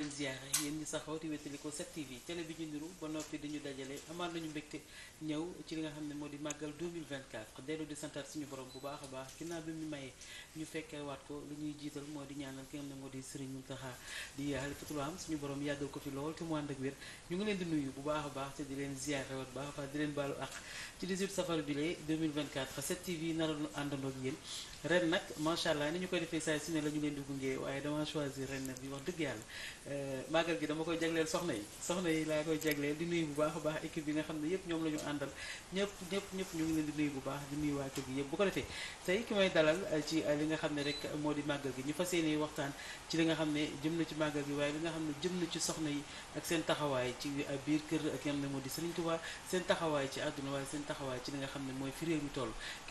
leen ziyaare yéen ñi saxoo di wétali ko 7TV télé bi suñu borom yàggal ko fi lool te mu ànd ak wér ñu ngi leen di nuyu bu baax baax te di leen ziyaare waat baax di leen baalu ak ci 18 safar bi lee 2024 7TV naroon àndandoo ak ren nag macha allah ni ñu koy defee saa su ne la leen di gunge waaye dama choisir ren nag bi wax dëgg yàlla euh, màggal gi dama koy jagleel soxna yi soxna yi laa koy jagleel di nuyu bu baax a baax équipe bi nga xam ne yëpp ñoom la ñu àndal ñëpp ñëpp ñëpp ñu ngi leen bu baax di nuyu waa kër gi ko defee tey ki euh, euh, li nga xam ne rek moo di màggal gi ñu fas yéene waxtaan ci li nga xam ne jëm na ci màggal gi waaye li nga xam ne jëm na ci soxna yi ak seen taxawaay ci biir kër ak yam ne moo di Serigne Touba seen taxawaay ci àdduna waaye seen taxawaay ci li nga xam ne mooy fi réew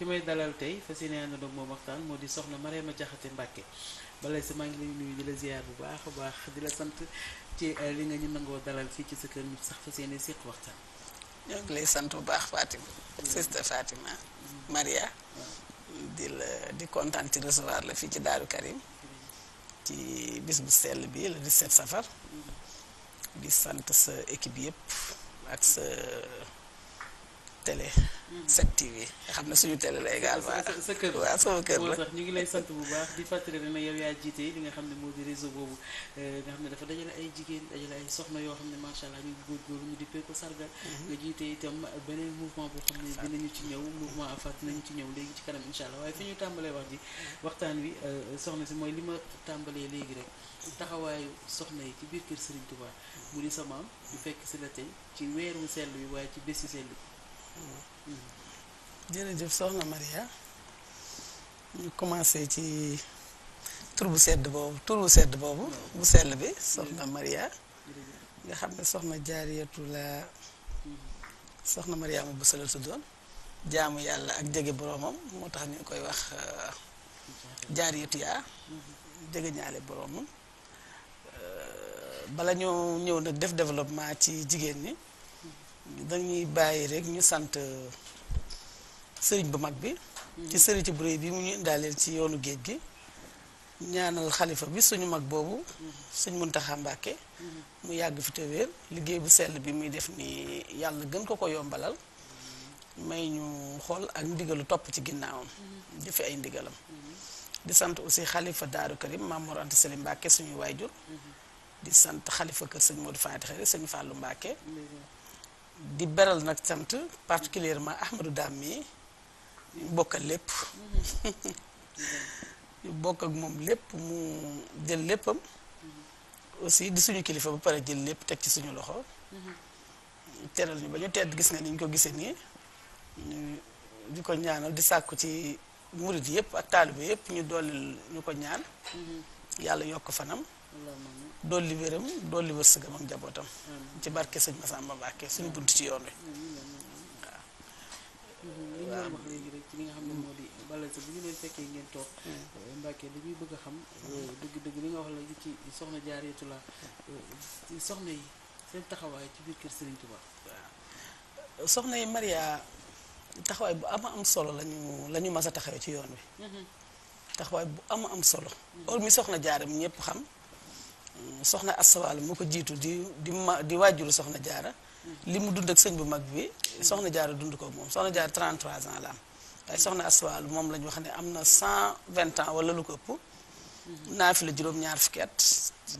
mi dalal tey fas waxtaan moo di soxna ma Jaxate Mbàkke balay sa maa ngi lay nuyu di la ziar bu baax a baax di la sant ci eh, li nga ñu nangoo dalal fii ci sa kër ñu sax fa seeni siq waxtaan ñoo ngi lay sant bu baax Fatima sister Fatima Maria di la di kontaan ci recevoir la fii ci Daaru Karim ci bis bu sell bi la 17 safar mm-hmm. di sant sa équipe yëpp ak sa télé. 7 mm-hmm. yi nga xam ne suñu télé la également. sa kër waaw sama kër ñu ngi lay sant bu baax di fàttali ne yow jiite li nga ne moo di réseau boobu eh, nga ne dafa dajale ay jigéen dajale ay soxna yoo xam ne macha allah ñu ñu dippee ko sargal. Mm-hmm. nga jiite itam beneen mouvement boo xam ne dinañu ci ñëw mouvement Afat dinañu ci ñëw léegi ci kanam incha allah waaye fi ñuy tàmbalee wax mm-hmm. waxtaan wi eh, soxna si mooy li ma tàmbalee léegi rek. taxawaayu soxna yi ci biir kër Serigne Touba mu di sa maam di fekk si la tey ci weeru sell bi waaye ci bési sell bi jërëjëf soxna Maria ñu commencé ci tur bu sedd boobu tur bu sedd boobu bu sell bi soxna Maria nga xam ne soxna jaariyatu la soxna Maria ma bu sell tuddoon jaamu yàlla ak jege boroomam moo tax ñu koy wax jaar uh, jaariyatu yaa jege ñaale boroomam uh, bala ñoo ñëw nag def développement ci jigéen ñi. dañuy bàyyi rek ñu sant euh, sëriñ bu mag bi mm-hmm. ci sëriñ bu réy bi mu ñu indaaleel ci yoonu géej gi ñaanal xalifa bi suñu mag boobu mm-hmm. suñ Muntaxa Mbàkke mm-hmm. mu yàgg fi te liggéey bu sell bi muy def nii yàlla gën ko ko yombalal may ñu xool ak ndigalu topp ci ginnaawam jëfe ay ndigalam di sant aussi xalifa Daaru Karim Maam Mor Anta Sali Mbàkke suñuy waajur di sant xalifa kër sëñ Modou Fatick rek sëñ Fàllu Mbàkke di beral nag sant particulièrement Ahmadou Dam mi ñu bokkal lépp ñu bokk ak moom lépp mu jël léppam aussi di suñu kilifa ba pare jël lépp teg ci suñu loxo teral ñu ba ñu tedd gis nga ni ñu ko gisee nii ñu di ko ñaanal di sàkku ci murit yëpp ak taalibe yëpp ñu dooleel ñu ko ñaan mm-hmm. yàlla yokk fanam dool wéram dolli wërsëgam ak njabootam. ci barke sëñ Massamba Mbacke suñu bunt ci yoon wi. waaw léegi rek ci li nga xam ne moo di balal sa bu ñu leen fekkee ngeen toog. Hmm. Eh, Mbacke bëgg xam. Eh, hmm. dëgg-dëgg li nga wax léegi ci soxna Jaaratu la eh, soxna yi seen taxawaay ci biir kër Serigne Touba. waaw soxna yi Maria taxawaay bu ama am solo lañu lañu mas a taxawee ci yoon wi. Hmm. taxawaay bu ama am solo. loolu mi soxna Jaara mi ñëpp xam. soxna asawaal moo ko jiitu di di ma di waajuru soxna jaara mm-hmm. li mu dund ak sëñ bu mag bi soxna jaara dund ko moom soxna jaara 33 ans la am waaye soxna asawaal moom lañ wax ne am na cent vingt ans wala lu ko ëpp mm-hmm. naa fi la juróom-ñaar fukki at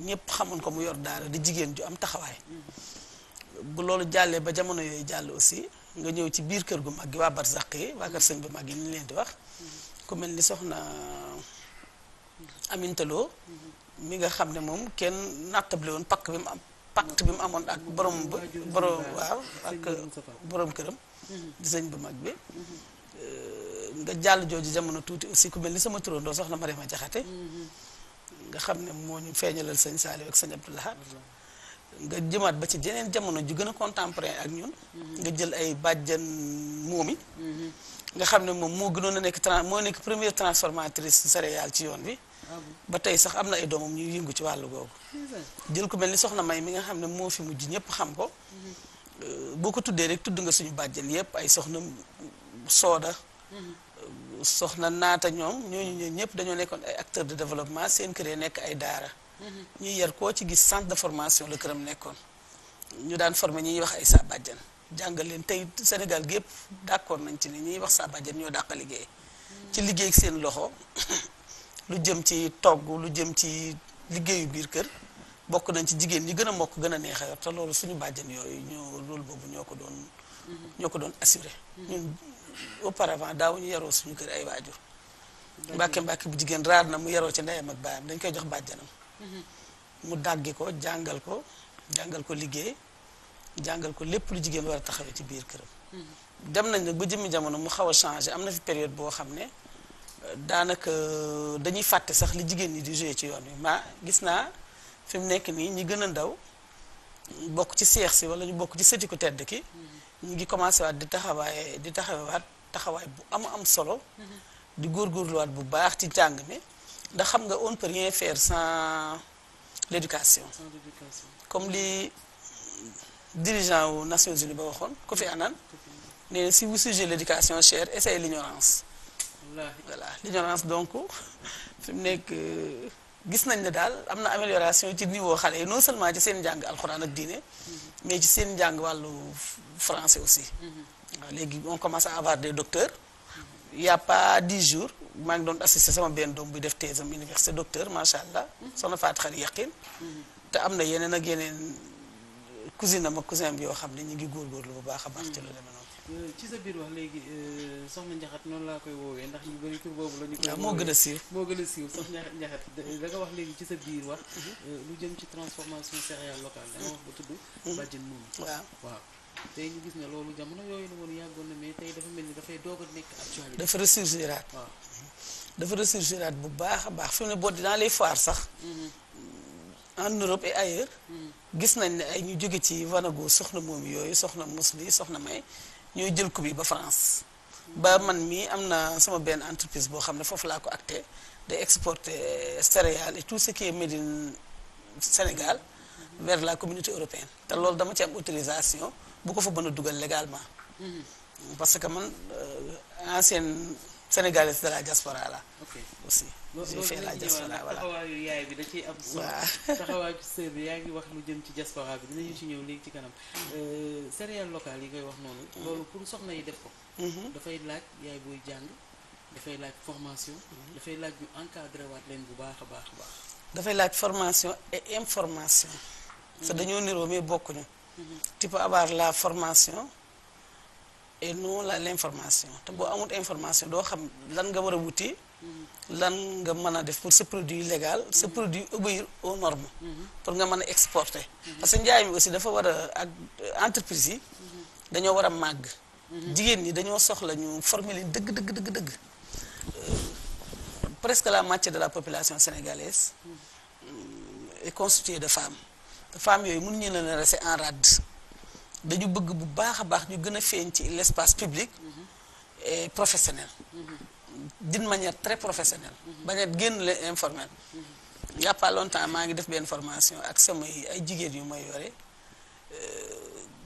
ñëpp xamoon ko mu yor daara di jigéen ju am taxawaay mm-hmm. bu loolu jàllee ba jamono yooyu jàll aussi nga ñëw ci biir kër gu mag gi waa barzaq yi waa kër sëñ bu mag yi ni leen di wax ku mel ni soxna amintaloo mi nga xam ne moom kenn nattable woon pakk bi mu am pacte bi mu amoon ak borom borom waaw ak borom këram di sëñ bu mag bi euh, nga jàll jooju jamono tuuti aussi ku mel ni sama turandoo soxna Mariama Jaxate nga xam ne moo ñu feeñalal sëñ Saaliw ak sëñ Abdou nga jëmaat ba ci jeneen jamono ju gën a contemporain ak ñun nga jël ay bàjjan moomi mm-hmm. nga xam ne moom moo gënoon a nekk trans moo nekk première transformatrice céréale ci yoon bi ba tey sax am na ay doomam ñuy yëngu ci wàllu googu jël ku mel ni soxna may mi nga xam ne moo fi mujj ñëpp xam ko boo ko tuddee rek tudd nga suñu bàjjan yëpp ay soxna sooda soxna naata ñoom ñooñu ñooñu ñëpp dañoo nekkoon ay acteur de développement seen kër nekk ay daara ñuy yar koo ci gis centre de formation la këram nekkoon ñu daan formé ñi ñuy wax ay saa bàjjan jàngal leen tey Sénégal gépp d'accord nañ ci ne ñuy wax saa bàjjan ñoo dàq liggéey ci liggéey seen loxo lu jëm ci togg lu jëm ci liggéeyu biir kër bokk nañ ci jigéen ñi gën a mokk gën a neex yor te loolu suñu bàjjen yooyu ñoo loolu boobu ñoo ko doon mhm. ñoo ko doon assuré mhm. ñun auparavant daaw ñu yaroo suñu kër ay waajur mbàkke mbàkke bu jigéen raar na mu yaroo ci ndeyam ak baayam dañ koy jox bàjjanam mhm. mu dàggi ko jàngal ko jàngal ko liggéey jàngal ko lépp lu jigéen war a taxawee ci biir këram dem nañ nag ba jëmmi jamono mu xaw a changé am na fi période boo xam ne daanaka euh, dañuy fàtte sax li jigéen ñi di joué ci yoon wi ma gis naa fi mu nekk nii ñi gën a ndaw bokk ci seex si wala ñu bokk ci sëti ku tedd ki ñu ngi commencé waat di taxawaay di taxawaat taxawaay bu am am solo di góorgóorluwaat bu baax ci jàng mi ndax xam nga on peut rien faire sans l'éducation comme li dirigeant wu Nations Unies ba waxoon Kofi Annan nee na si vous sujet l'éducation chère essayez l'ignorance voilà l'ignorance donc fi mu nekk gis nañ ne daal am na amélioration ci niveau xale yi non seulement ci seen njàng alxuraan ak diine mhm. mais ci seen njàng wàllu français aussi mhm. waaw léegi on commence à avoir des docteurs il y a pas dix jours maa ngi doon assister sama benn doom buy def thèse am université docteur macha allah mhm. soxna Fatou Khary Yaqin te am na yeneen ak yeneen cousine am ak cousin am yoo xam ne ñu ngi góorgóorlu bu baax a baax ci lu mm. demee noonu. Euh, euh, noonu laa koy woowee ndax ñu bëri la ñu ah, moo gën a siiw moo gën a siiw soxna Ndiakhate da wax léegi ci sa biir wax. Mhm. Euh, lu jëm ci transformation céréale locale da nga wax ba tudd. Mhm. bàjjen moom waaw waaw. tey ñu gis ne loolu jamono yooyu la woon yàggoon na mais tey dafa mel ni dafay doog a nekk actualité. dafa ressurgiraat. waaw dafa ressurgiraat bu baax a baax fi mu ne boo dinaa lay foire sax. Mhm. en Europe et gis nañ ne ay ñu jóge ci vanago soxna moom yooyu soxna musli soxna may ñooy jël coupe ba France. ba man mii am na sama benn entreprise boo xam ne foofu laa ko acté day exporter céréales et tout ce qui est made vers la communauté européenne te loolu dama ci am autorisation bu ko fa mën a dugal légalement. Mhm. parce que man euh, ancienne sénégalaise de la diaspora la. si fee la diaspora voilà taxawaayu da ciy am solo taxawaayu sër wax lu jëm ci diaspora bi dinañu ci ñëw léegi ci kanam euh, céréales locales yi ngay wax noonu mm. loolu pour soxna yi def ko mm-hmm. dafay laaj yaay booy jàng dafay laaj formation mm-hmm. dafay laaj ñu encadré waat leen bu baax a baax baax dafay laaj formation et information mm-hmm. parce dañoo niroo mais bokkuñu tu peux la formation et non la information te boo amut information doo xam lan nga war a wuti lan nga mën a def pour ce produit légal ce mhm. produit obéir aux normes mhm. pour nga mën a exporter mhm. parce que njaay mi aussi dafa war a ak entreprise yi dañoo war a màgg jigéen ñi dañoo soxla ñu former dëgg dëgg dëgg dëgg euh, presque la moitié de la population sénégalaise euh, est constituée de femmes te femmes yooyu mën ñu leen a en rade dañu bëgg bu baax a baax ñu gën a feeñ ci l' espace public et professionnel d'une manière très professionnelle. bañ génn le informel. y a longtemps maa ngi def benn formation ak samay ay jigéen yu may yore euh,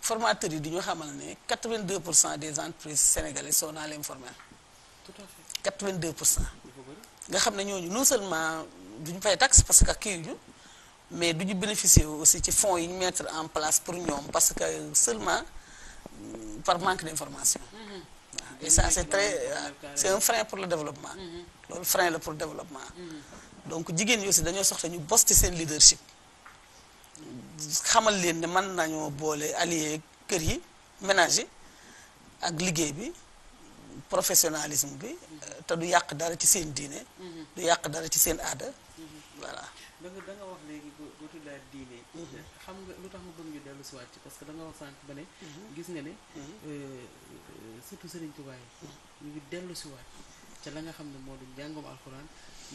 formateurs yi di ñu xamal ne 82 pour cent des entreprises sénégalaises sont dans l'informel. tout à fait pour cent. nga xam ne ñooñu non seulement duñu fay tax parce que kii ñu mais duñu bénéficier aussi ci fonds yi ñu mettre en place pour ñoom parce que seulement euh, par manque d'information. Mm-hmm. et ça c'est très c'est un frein pour le développement loolu frein la pour développement donc jigéen ñi aussi dañoo soxla ñu bos seen leadership xamal leen ne mën nañoo boole allier kër yi ménage ak liggéey bi professionnalisme bi te du yàq dara ci seen diine du yàq dara ci seen aada voilà jàngalaat diine xam nga lu tax ma bëgg ñu dellu siwaat ci parce que da nga wax sànq ba ne gis nga ne euh, surtout Serigne Touba yi ñu ngi dellu siwaat ca la nga xam ne moo du njàngum alxuraan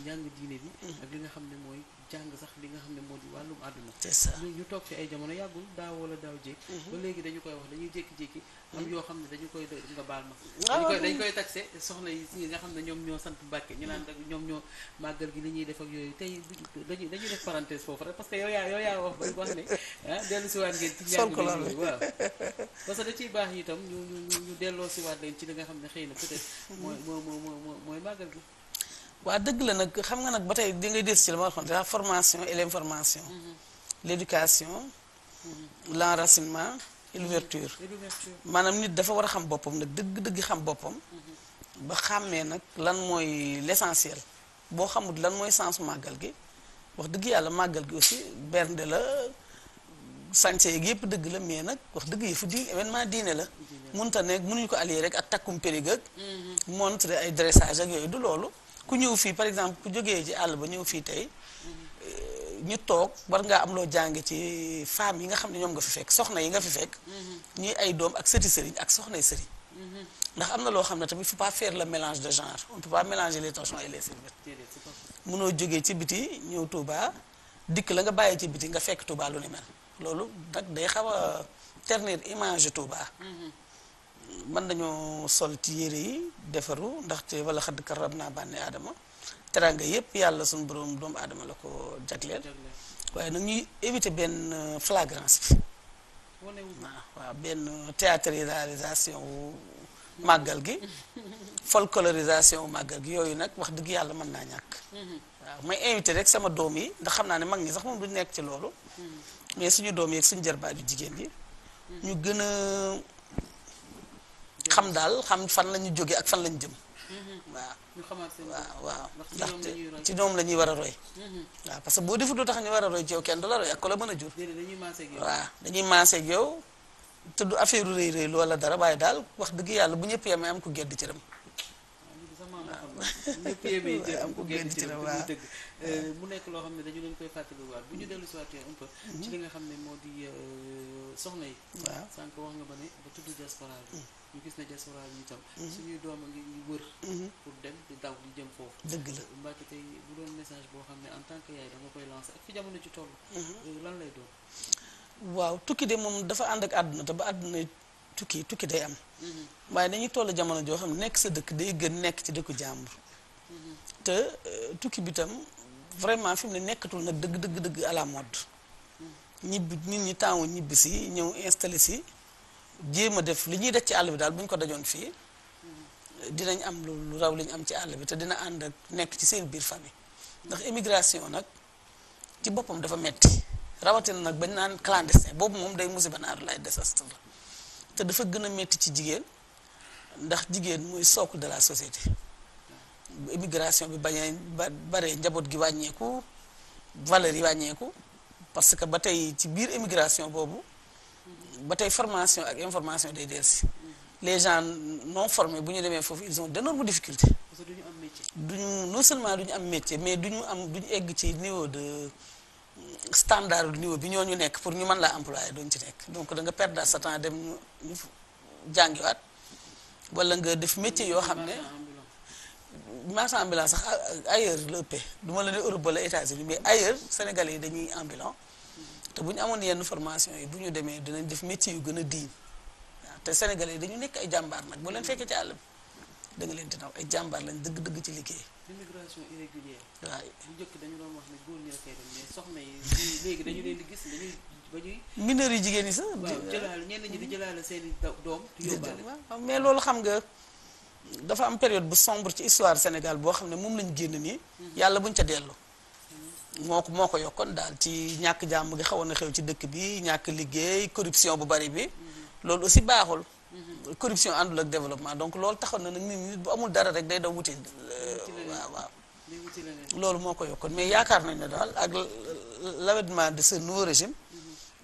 njàng diine bi ak li nga xam ne mooy jàng sax li nga xam ne moo di wàllum àdduna ñu toog ci ay jamono yàggul daaw wala daaw jéeg mhm. ba léegi dañu koy wax dañuy jékki-jékki am mhm. yoo xam ne dañu koy nga baal ma ah, dañu koy dañu koy soxna yi nga xam ne ñoom ñoo sant Mbàkke ñu naan ñoom ñoo màggal gi li ñuy def ak yooyu tey dañuy dañuy def parenthèse foofu rek parce que yow yaa yow yaa wax ba wax ne ah, dellu siwaat ngeen ci njàng bi waaw parce que da ciy baax itam ñu ñu ñu delloo siwaat leen ci li nga xam ne xëy na peut-être mooy mooy mooy mooy màggal gi waa dëgg la nag xam nga nag ba tey di ngay des ci la ma waxoon la formation et l'information mm-hmm. l'éducation mm-hmm. l'enracinement et l'ouverture maanaam nit dafa war a xam boppam nag dëgg-dëgg xam boppam mm-hmm. ba xàmmee nag lan mooy l'essentiel boo xamul lan mooy sens màggal gi wax dëgg yàlla màggal gi aussi bernde la sànce yeeg yëpp dëgg la mais nag wax dëgg yëfu di événement diine la munta nekk mënuñu ko allier rek ak takkum périg ak montre ay dressage ak yooyu du loolu ku ñëw fii par exemple ku jógee ci àll ba ñëw fii tey euh, ñu toog war ngaa am loo jàng ci femmes yi nga xam ne ñoom nga fi fekk soxna yi nga fi fekk mhm. ñuy ay doom ak sëti sëriñ ak soxnay sëriñ mhm. ndax am na loo xam ne tamit il faut pas faire le mélange de genre on peut pas mélanger les torchons et les serviettes munoo jógee ci biti ñëw tuuba dikk la nga bàyyi ci biti nga fekk Touba lu ni mel loolu nag day xaw a ternir image tuuba mhm. mën nañoo sol ci yére yi defaru ndaxte wala xadd karab naa bànne aadama teranga yépp yàlla suñu borom doomu aadama la ko jagleel waaye nag ñuy éviter benn euh, flagrance bi waaw benn théâtralisation wu màggal gi folklorisation wu màggal gi yooyu nag wax dëgg yàlla mën naa ñàkk mm-hmm. waaw may invité rek sama doom yi ndax xam naa ne mag ñi sax moom du nekk ci loolu mm-hmm. mais suñu doom yi ak suñu jarbaat yu jigéen bi ñu gën xam daal xam fan la ñu jóge ak fan la ñu jëm. Mm-hmm. waa waaw waaw ndaxte ci ñoom la ñuy war a roy mm-hmm. waaw parce que boo defut lu tax ñu war a roy ci yow kenn du la roy ak ko la mën a jur waaw dañuy maaseeg yow te du affaire u rëy rëy loola dara waaye daal wax dëgg yàlla bu ñëpp yemee am ku gedd cëram ñëpp yemee jëf am ko génn ci waaw euh, mu nekk loo xam ne dañu leen koy fàttaliwaat bu ñu dellu si waatee un mm-hmm. ci li nga xam ne moo di euh, soxna yi waaw sànq wax nga ba ne ba tudd diaspora bi mm. ñu gis ne diaspora bi itam mm-hmm. suñuy doom a ngi wër mm-hmm. pour dem di daw di jëm foofu dëgg la euh, Mbacké tey bu doon message boo xam ne en tant que yaay dama koy lancer ak fi jamono ci toll lan lay doon waaw tukki de moom dafa ànd ak àdduna te ba àdduna tukki tukki day am waaye dañuy toll jamono joo xam nekk sa dëkk day gën nekk ci dëkku jàmbur te euh, tukki bi tam vraiment fi mu ne nekkatul nag dëgg dëgg dëgg à la mode ñibbi ñibbi si ñëw installé si jéem a def li ñuy def ci àll bi daal bu ñu ko dajoon fii dinañ am lu raw li am ci àll bi te dina ànd ak nekk ci seen biir famille ndax immigration nag ci boppam dafa metti rawatina nag bañ naan clandestin boobu moom day musiba naaru lay désastre la te dafa gën a métti ci jigéen ndax jigéen muy socle de la société bu immigration bi bañee ba baree njaboot gi wàññeeku valeur yi wàññeeku parce que ba tey ci biir immigration boobu ba tey formation ak information day dellusi les gens non formés bu ñu demee foofu ils ont d'énormes difficultés duñu non seulement ñu am métier mais du ñu am ñu egg ci niveau de standard niveau bi ñoo ñu nekk pour ñu man laa employé duñ ci nekk donc danga nga perdre sa temps dem ñu fu jàngiwaat wala nga def métier yoo xam ne marchand ambulant sax ailleurs la ëppee du ma la ne Europe wala États-Unis mais ailleurs sénégale yi dañuy ambulant te bu ñu amoon yenn formation yi bu ñu demee dinañ def métier yu gën a diin waaw te Sénégalais yi dañu nekk ay jàmbaar nag boo leen fekkee ci àll bi da leen di naw ay jàmbaar lañ dëgg-dëgg ci liggéey. immigration njëkk dañu doon wax góor ñi la koy dem mais ba ñuy. mineur yu jigéen ñi sax. waaw jëlaal ñenn ñi mm-hmm. doom. mais loolu xam nga dafa am période bu sombre ci histoire Sénégal boo xam ne moom lañ génn nii. Mm-hmm. yàlla buñ ca dellu. Mm-hmm. moo ko moo ko yokkoon daal ci ñàkk jàmm gi xawoon na xew ci dëkk bi ñàkk liggéey corruption bu bari bi. loolu aussi baaxul. corruption àndul ak développement donc loolu taxoon na nag nit nit bu amul dara rek day daw wuti waaw waaw loolu moo ko yokkoon mais yaakaar nañ ne daal ak l'avènement de ce nouveau régime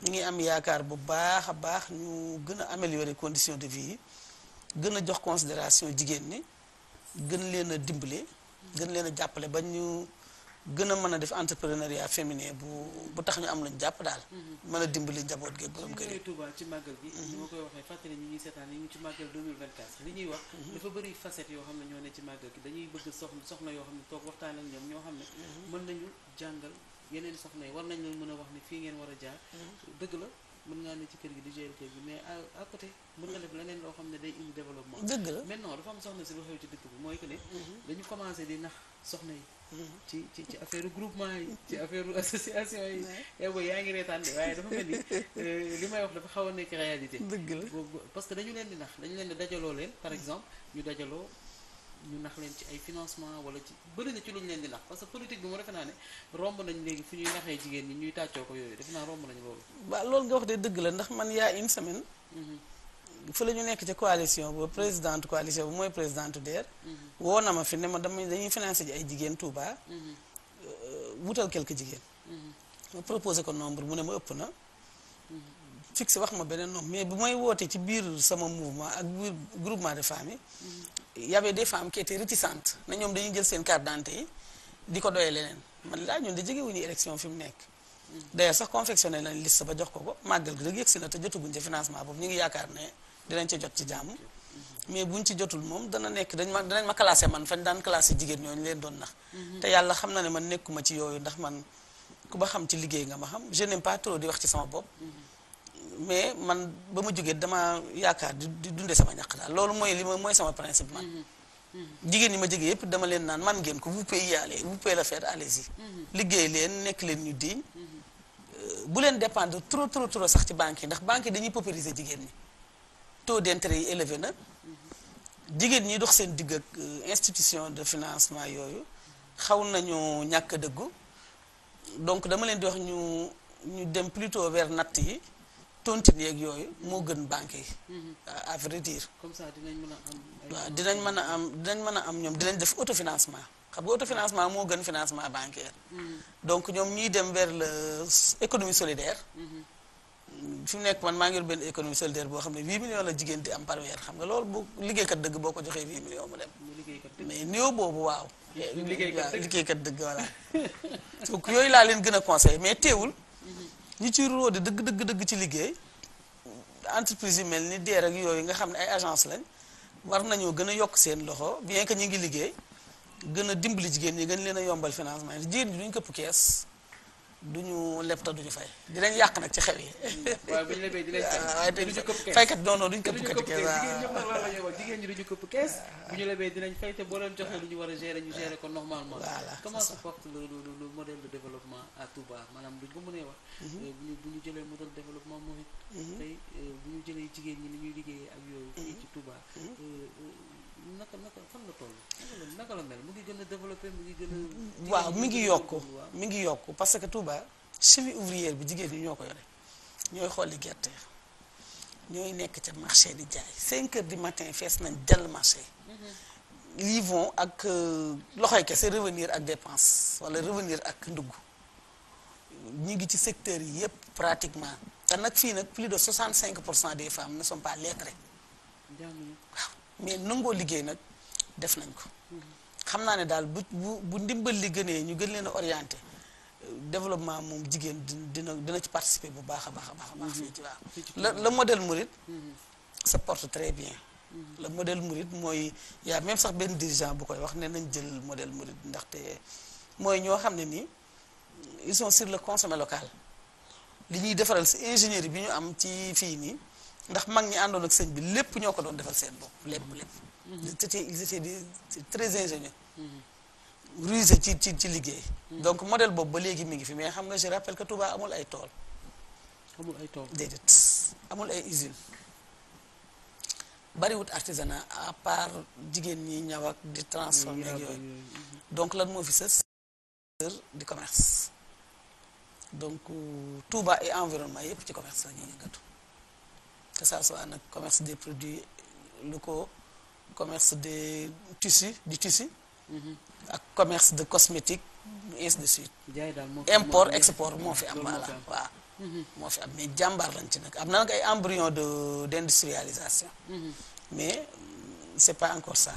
ñu ngi am yaakaar bu baax a baax ñu gën a améliorer condition de vie yi gën a jox considération jigéen ni gën leen a dimbale gën leen a jàppale ba ñu gën a mën a def entrepreneuriat féminin bu bu tax ñu am luñ jàpp daal. Mm-hmm. mën a dimbali njaboot gi borom kër yi. Touba ci màggal gi. waxee fàttali ñu ngi ci màggal 2024 li ñuy wax. Mm-hmm. dafa bëri facette yoo xam ne ñoo ne ci màggal gi dañuy bëgg soxna soxna yoo xam ne toog waxtaan ak ñoom ñoo xam ne. Mm-hmm. mën nañu jàngal yeneen soxna yi war nañ leen mën a wax ne fii ngeen war a jaar. dëgg la mën ngaa ne ci kër gi di gérer kër gi mais à côté mën nga def leneen loo xam ne day indi développement. dëgg la maintenant dafa am soxna si lu xew ci dëkk bi mooy que ne. Mhm. dañu commencé di nax soxna yi. Mhm. ci ci affaire groupement yi. ci affaire association yi. Eh yow yaa ngi reetaan de waaye dafa mel ni euh, li may wax dafa xaw a nekk réalité. dëgg la parce que dañu leen di nax dañu leen di dajaloo leen par mhm. exemple ñu dajaloo. ñu nax leen ci ay financement wala ci bëri na ci luñ leen di nax parce que politique bi mu defe naa ne romb nañ léegi fu ñuy naxee jigéen ñi ñuy tàccoo ko yooyu defe naa romb nañ loolu. waaw lool nga wax de dëgg la ndax man yaa une semaine. Mhm. fa la ñu nekk ci coalition ba présidente coalition bu mooy président DER. Mhm. woo na ma fi ne ma damay dañuy financé ji ay jigéen Touba. Mhm. Euh, wutal quelques jigéen. ma proposé ko nombre mu ne ma ëpp na. fixe wax ma beneen nom mais bu may woote ci biir sama mouvement ak biir groupement de femmes yi mm. y avait des femmes qui étaient na ñoom dañuy jël seen carte d'identité yi di ko doyee leneen man laa ñun de jegewuñu élection fi mu nekk mm. d'ailleurs sax confectionné nañ liste ba jox ko ko màggal gi rek yëg si na te jotaguñ ci financement boobu ñu ngi yaakaar ne dinañ ci jot ci jàmm mm-hmm. mais buñ ci jotul moom dana nekk dañ ma danañ ma classé man fañ daan classé jigéen ñooñu leen doon nax mm-hmm. te yàlla xam na ne man nekkuma ci yooyu ndax man ku ba xam ci liggéey nga ma xam je n'aime pas trop wax ci sama bopp mm-hmm. mais man ba ma jógee dama yaakaar di di dundee sama ñaq daal loolu mooy li ma mooy sama principe man mhm. Mhm. jigéen ñi ma jege yëpp dama leen naan man ngeen ko vous pouvez y aller vous pouvez le faire mhm. liggéey leen nekk leen ñu diñ euh, bu leen dépendre trop trop trop sax ci banque yi ndax banque dañuy paupériser jigéen ñi taux d'intérêt yi élevé na jigéen ñi dox seen digg ak euh, institution de financement yooyu xaw nañu ñàkk dëggu donc dama leen di wax ñu ñu dem plutôt vers natt yi tontine yeeg yooyu moo gën banque yi. Mm-hmm. à vrai dire. comme dinañ mën a am. waaw dinañ mën a am dinañ mën a am ñoom dinañ def autofinancement xam nga autofinancement moo gën financement bancaire. Mm-hmm. donc ñoom ñuy dem vers le économie solidaire. Mm-hmm. fi mu nekk man maa ngi benn économie solidaire boo xam ne 8 millions la jigéen di am par weer xam nga loolu bu liggéeykat dëgg boo ko joxee 8 millions mu dem. mais néew boobu waaw. liggéeykat dëgg waaw dëgg voilà. donc yooyu laa leen gën a conseillé mais teewul. ñu ci roode dëgg dëgg dëgg ci liggéey entreprise yu mel ni DER ak yooyu nga xam ne ay agence lañ war nañoo gën a yokk seen loxo bien que ñu ngi liggéey gën a dimbali jigéen ñi gën leen a yombal financement yi jigéen ñi duñ këpp kees duñu leb te duñu fay dinañ yàq nag ci xew yi. waaye bu ñu lebee dinañ fay. waaye faykat non non duñ këpp kees waaw joxee ñu duñu këpp kees ah. bu ñu lebee dinañ fay boo leen joxee lu ñu war a gérer ñu gérer ko normalement comment se porte le le modèle de développement à Touba maanaam duñ ko mënee wax mhm. euh, bu ñu bu ñu jëlee modèle de développement moom it mhm. tey euh, bu ñu jëlee jigéen ñi ni ñuy liggéeyee ak yooyu mhm. fii ci Touba euh, naka naka fan la toll naka la mel mu ngi gën a développé mu ngi gën a waaw mi ngi yokk mi ngi yokk parce que Touba cheville ouvrière bi jigéen ñi ñoo ko yore ñooy xooli gerte ñooy nekk ca marché di jaay 5 heures du matin fees nañ dell marché mhm. lii vont ak euh, loxoy kese revenir ak dépense wala revenir ak ndugg ñu ngi ci secteur yi yëpp pratiquement te nag fii nag plus de cinq pour cent des femmes ne sont pas lettrées waaw mais nangoo liggéey nag def nañ ko mhm. xam naa ne daal bu bu bu ndimbal li gënee ñu gën leen a orienté développement moom jigéen dina dina ci participer bu baax a baax a baax a baax mhm. fii ci waaw le modèle mouride ça mhm. porte très bien mhm. le modèle mouride mooy yaa même sax benn dirigeant bu koy wax ne nañ jël modèle ndax te mooy ñoo xam ne nii ils sont sur le consommé local li ñuy defaral si ingénierie bi ñu am ci fii nii ndax mag ñi àndoon ak sëñ bi lépp ñoo ko doon defal seen bopp lépp lépp ils étaient ils étaient des très ingénieux rusé ci ci ci liggéey. Hmm. donc modèle boobu ba léegi mi ngi fi mais xam nga je rappelle que Touba amul ay tool. amul ay tool déedéet amul ay usine bariwut artisanat à part jigéen ñi ñaw ak di transformer ak mhm. donc lan moo fi sës di commerce donc euh, Touba et environnement yëpp ci commerce la ñuy yëngatu que ça soit nag commerce des produits locaux commerce des tissus di tissu ak commerce de cosmétique ainsi de suite import export moo fi am waaw mhm. moo fi am mais jàmbaar lañ ci nag am na nag ay embryon de d'industrialisation mhm. mais c'est pas encore ça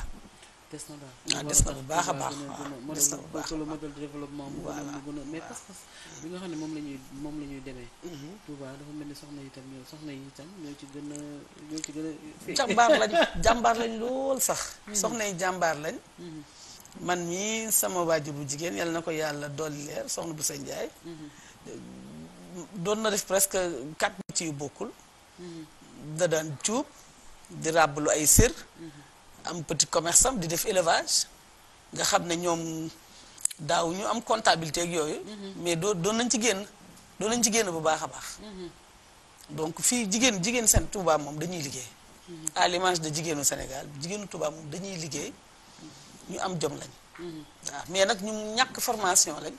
des na daal ah des bu baax a baax waaw des na bu baax le modèle de développement mu nga xam ne moom la ñuy moom la ñuy demee mhm. dafa mel ni soxna yi tam ñoo soxna yi ci gën a ñoo ci jàmbaar lañ jàmbaar sax soxna yi jàmbaar lañ man mii sama waajur bu jigéen yàlla na ko yàlla dolli leer soxna bu sa njaay mm-hmm. doon na def presque quatre ci yu bokkul mm-hmm. da daan cuub di ràbbalu ay sër mm-hmm. am petit commerce di def élevage nga xam ne ñoom daawuñu am comptabilité ak yooyu mais doo doon nañ ci génn doon nañ ci génn bu baax a baax donc fii jigéen jigéen seen Touba moom dañuy liggéey à l'image de jigéenu Sénégal jigéenu Touba moom dañuy liggéey ñu am jom lañ waaw mais nag ñu ñàkk formation lañ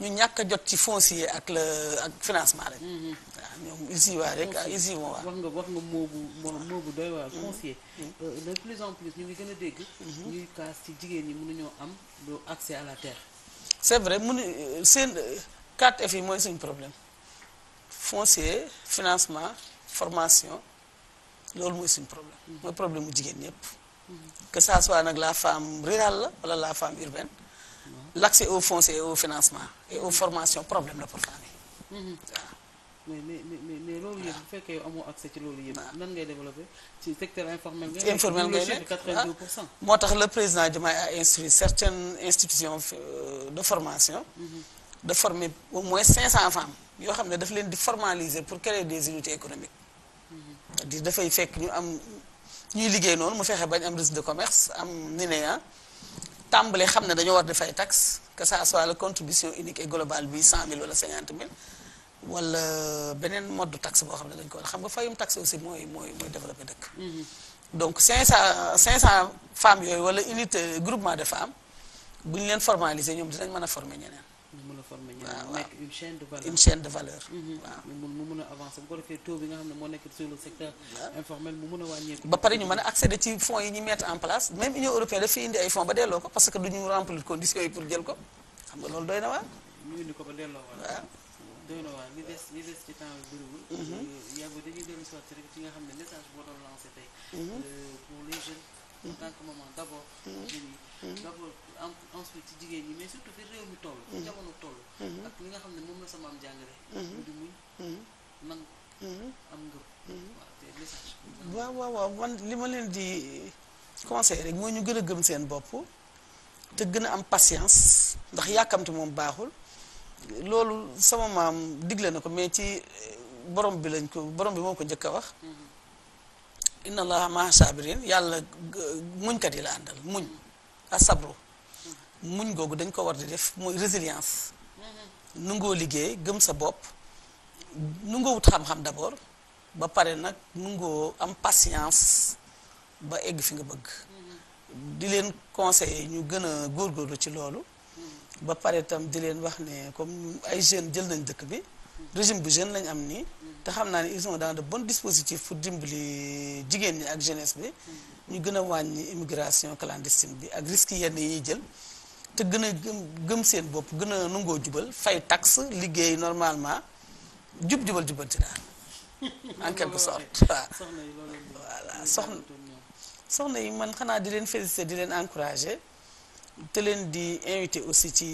ñu ñàkk jot ci foncier ak le ak financement lañ mhm. waaw ñoom ils y vont rek ils y vont waaw wax nga wax nga moobu moobu doy waar mhm. foncier mhm. Euh, de plus en plus ñu ngi gën a dégg ñuy kaas ci jigéen ñi mënuñoo am lu accès à la terre c'est vrai mënu euh, seen 4F euh, mooy suñu problème foncier financement formation loolu mooy suñ problème mooy problème mu jigéen ñëpp que ça soit nag la femme rurale la wala la femme urbaine l' accès au foncier au financement et aux problème la pour femmes mm-hmm. yi mais mais mais mais loolu yëpp bu fekkee amoo accès ci loolu yëpp. nan ngay développé ci secteur informel. ngay moo tax le président Diomaye a instruit certaines institutions euh, de formation. Mm-hmm. de forme au moins 500 femmes yoo xam ne daf leen di formaliser pour créer des unités économiques. Mm-hmm. dafay fekk ñu am ñuy liggéey noonu mu fexe bañ am registre de commerce am NINEA ah, tàmbale xam ne dañoo war di tax taxe que ça soit la contribution unique et globale bi 100000 wala 50000 wala beneen mode de taxe boo xam ne dañ ko war xam nga fayum taxe aussi mooy mooy mooy développé dëkk. Mhm. donc cinq 500 femmes yooyu wala unité groupement de femmes bu ñu leen formaliser ñoom dinañ mën a former ñeneen. mu mën a former ñeneen mu nekk une chaîne de valeur une chaîne de valeur. Mhm. waaw mu mën a avancer bu ko defee taux bi nga xam ne moo nekk sur le secteur informel mu mën a wàññeeku. ba pare ñu mën a accéder ci fonds yi ñu mettre en place même Union européenne daf fi indi fonds ba delloo ko parce que du ñu remplir conditions yi pour jël ko xam nga loolu doy na waar. en ensuite ci ñi mais surtout fi réew mi toll fi mm-hmm. mm-hmm. nga xam ne moom la sama am jàngale mm-hmm. mu di waaw waaw waaw li ma leen di conseil rek mooy ñu gën a gëm seen bopp te gën a am patience ndax yàkkamte moom baaxul loolu sama maam digle na ko mais ci eh, borom bi lañ ko borom bi moo ko njëkk a wax inna la maa sabirin yàlla muñkat yi la àndal muñ asabru muñ googu dañ ko war di def mooy résilience nu ngoo liggéey gëm sa bopp nu ngoo wut xam-xam d'abord ba pare nag nu ngoo am patience ba egg fi nga bëgg di leen conseiller ñu gën a góorgóorlu ci loolu ba pare tam di leen wax ne comme ay jeunes jël nañ dëkk bi régime bu jeune lañ am nii te xam naa ne ils sont dans de bons dispositifs pour dimbali jigéen ñi ak jeunesse bi ñu gën a wàññi immigration clandestine bi ak risques yenn yiy jël te gën a gëm gëm seen bopp gën a nangoo jubal fay taxe liggéey normalement jub jubal jubal ci daal en quelque sorte waaw voilà soxna soxna yi man xanaa di leen féliciter di leen encourager te leen di invité aussi ci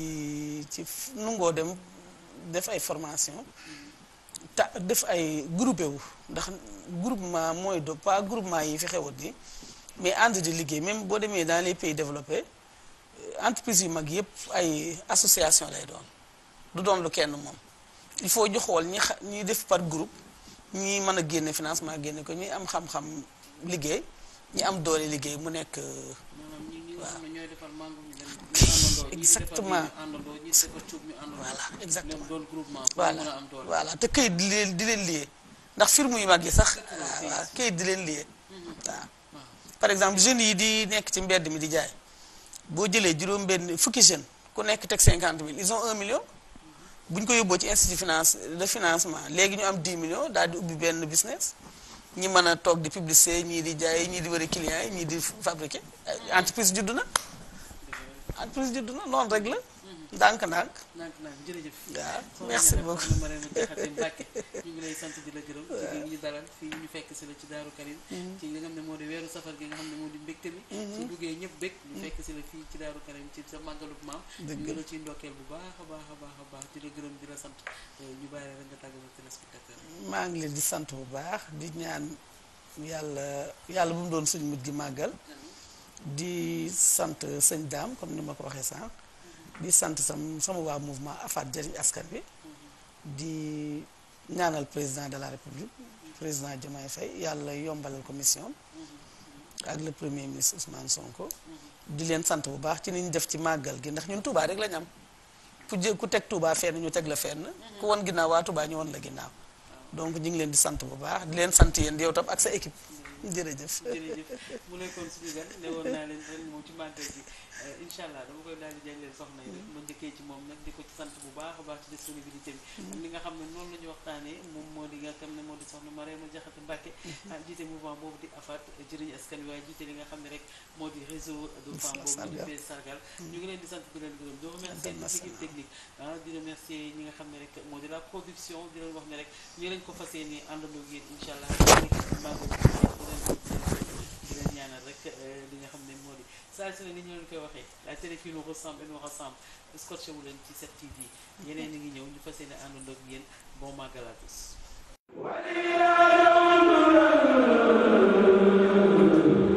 ci nangoo dem def ay formation ta def ay groupé wu ndax groupement mooy do pas groupement yi fi xewut ni mais ànd di liggéey même boo demee daal les pays développé entreprise yu mag yëpp ay association lay doon du doon lu kenn moom il faut ñu xool ñi xa ñuy def par groupe ñi mën a génne financement génne ko ñi am xam-xam liggéey ñi am doole liggéey mu nekk. waaw exactement voilà exactement voilà voilà te këyit di leen di leen liyee ndax firme yu mag yi sax waaw di leen liyee waaw par exemple jeunes yi di nekk ci mbedd mi di jaay. boo jëlee juróom benn fukki jeune ku nekk teg cinquante mille ils ont un million bu ñu ko yóbboo ci institut finance de financement léegi ñu am 10 millions daal di ubbi benn business ñi mën a toog di publicité ñii di jaay ñii di wëri clients yi ñii di fabriquer entreprise judd na entreprise judd na noonu rek la ndànk ndànk ndànk ndànk jërëjëf waaw merci beaucoup Mariama Diakhaté Mbacké ñu ngi lay sant di la gërëm ci li ñu dalal fii ñu fekk si la ci Daaru Karim mm-hmm. ci li nga xam ne moo di weeru safar gi nga xam ne moo di mbégte bi mm-hmm. su duggee ñëpp bég ñu fekk si la mm-hmm. fii ci Daaru Karim ci sa màggalub maam ñu ngi la ciy ndokkeel bu baax a baax a baax a baax di la gërëm di la sant ñu bàyyi la nga tàggatoo téléspectateur maa ngi leen di sant bu baax di ñaan yàlla yàlla bu mu doon suñ mujj gi màggal di sant sëñ daam comme ni ma ko waxee sànq di sant sam sama waa mouvement afaat jëriñ askan bi di ñaanal président de la république président Diomaye Faye yàlla yombalal ko mission ak le premier ministre Ousmane Sonko di leen sant bu baax ci ni def ci màggal gi ndax ñun Touba rek lañ am ku jé ku teg Touba fenn ñu teg la fenn ku won ginnaaw waa Touba ñu won la ginnaaw donc ñu ngi leen di sant bu baax di leen sant yéen yow tam ak sa équipe jërëjëf jërëjëf mu Euh, incha allah dama koy daal di jagleel soxna yi ma njëkkee ci moom nag di ko ci sant bu baax a baax ci disponibilité bi mm-hmm. nga xam ne noonu la ñu waxtaanee moom moo di nga xam ne moo di soxna Marème Diakhaté Mbacké mm-hmm. ah, jiite mouvement boobu di afat jëriñ askan wi waaye jiite li nga xam ne rek moo di réseau de femmes ñu sargal mm-hmm. ñu ngi leen di sant di leen gërëm di remercier l'équipe ah, ñi nga xam ne rek moo di la production di leen wax ne rek ñu leen ko fas yéene àndandoo yéen incha di leen ñaanal rek euh, li nga xam ne moo di saa su ne ni ñu leen koy waxee la télé qui nous ressemble et nous rassemble scotché wu leen ci 7TV yeneen a ngi ñëw ñu fa fas yéene àndandoo ak yéen bon magal à tous